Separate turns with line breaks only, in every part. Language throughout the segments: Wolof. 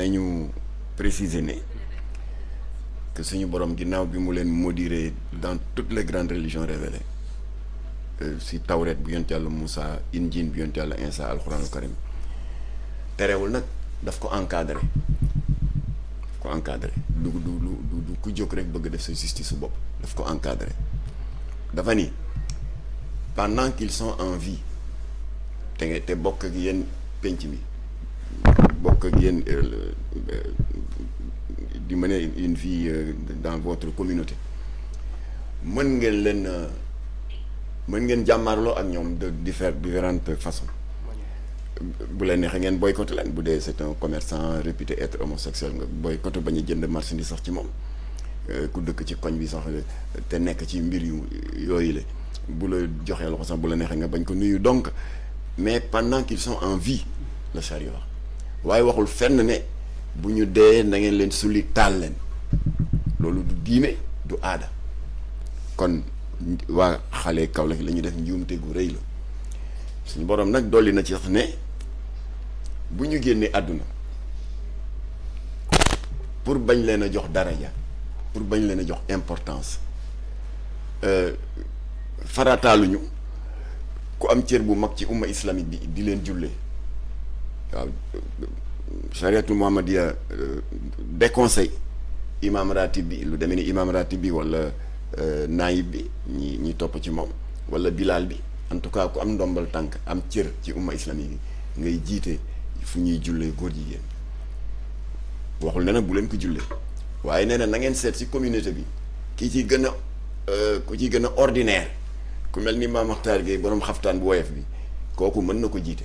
nañu préciser ne que suñu borom ginnaw bi mu len modéré dans toutes les grandes religions révélées euh, si tawret bu yent yalla Moussa injin bu yonent yàlla Insa alxuraanul karim terewul nak daf ko encadrer ko encadrer du du du du ku jóg rek bëgg def sa justice su daf ko encadrer dafa ni pendant qu'ils sont en vie te té bokk ak yéen penc bi bokk ak mener euh, euh, une vie euh, dans votre communauté mën ngeen leen mën ngeen de différentes façons bu leen neexee ngeen boycotté c'est un commerçant réputé être homosexuel nga boycotté ba ñu jënd marchandise sax ci moom ku dëkk ci koñ bi sax te nekk ci mbir yu yooyu bu sax bu donc mais pendant qu'ils sont en vie le chariot waaye waxul fenn ne bu ñu dee na ngeen leen sulli taal leen loolu du diine du aada kon waa xale Kaolack la ñuy def njuumte gu rëy la suñu borom nag dolli na ci sax ne bu ñu génnee àdduna pour bañ leen a jox daraja pour bañ leen a jox importance euh, farataaluñu ku am cër bu mag ci umma islamique bi di leen jullee que euh, chariatul déconseille euh, déconseil imam Ratibi bi lu imam Ratibi ou wala euh, ni ni ci en tout cas am ndombal tank, am cër ci umma islamique ngay jité fu ñuy jullee góor jigéen waxul ne bu ko na ngeen si communauté bi ki ci gëna ku ci ordinaire ku melni ni borom bu bi koku mën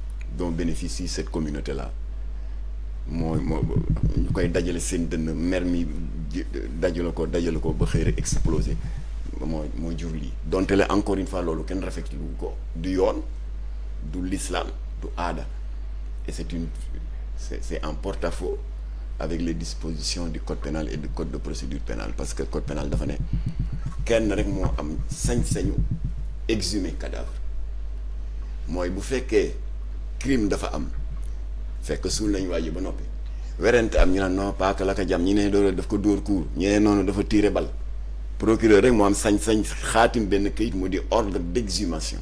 dont bénéficie cette communauté-là. Moi, moo ñu koy dajale seen dënn mer mi dajale ba xëy explosé mooy mooy Donc, encore une fois qui est rafetlu ko du yoon du l'islam du Ada, et c'est une c'est en porte-à-faux avec les dispositions du code pénal et du code de procédure pénale parce que le code pénal dafa ne kenn rek cinq am sañ cadavres. Moi, cadavre mooy bu que crime dafa am fekk suul nañu waa ji ba noppi werante am ñu ne non pas que la ko jam ñi ne doole daf ko dóor kuur ñu noonu dafa tiire bal procureur rek moo am sañ-sañ xaatim benn kayit mu di ordre d'exhumation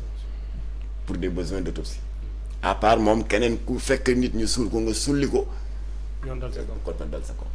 pour des besoins d'autopsie à part moom keneen ku fekk nit ñu suul ko nga sulli ko. yoon dal sa kaw kon sa kaw.